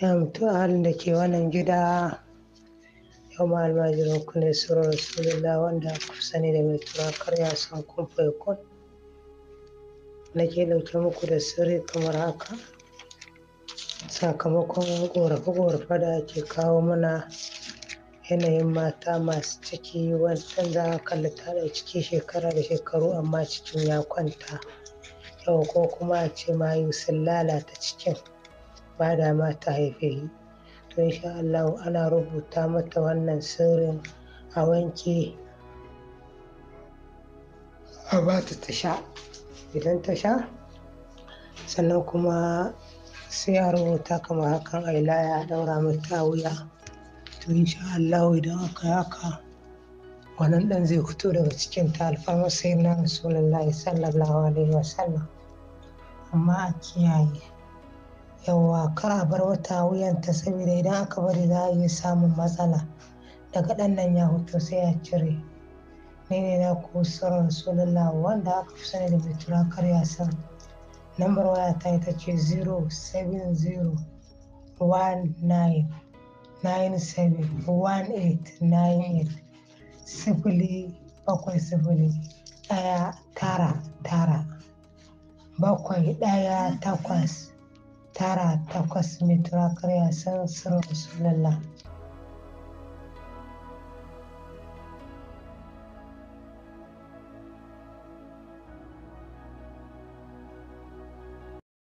ya mutu da ke wannan gida yau ma almajirin ku ne surar rasulullah wanda ku sani da mai tura karya san kun faikon nake ɗauke muku da sirri kamar haka sakamakon gorafe-gorafe da ake kawo mana yanayin mata masu ciki wancan za a kalli ta da ciki shekara da shekaru amma cikin ya kwanta yau ko kuma a ce mayu sun lalata cikin ba dama ta haife shi to insha Allah ana rubuta mata wannan sirrin a wanke a ba ta ta sha idan ta sha sannan kuma sai a rubuta kamar hakan a ilaya a daura mata wuya to insha Allah idan aka yi haka wannan dan zai fito daga cikin ta alfarma sai na rasulullahi sallallahu alaihi wasallam amma a kiyaye yawa kar a bar wata wuyanta saboda idan aka bari za a iya samun matsala daga ɗan nan ya hutu sai a cire ni ne na ku sirrin sulalla wanda aka fi sani da mai tura karya lambar waya ta ita ce 070 sifili bakwai sifili ɗaya tara tara bakwai ɗaya takwas tara takwas mai turakar ya san sirrin rasulullah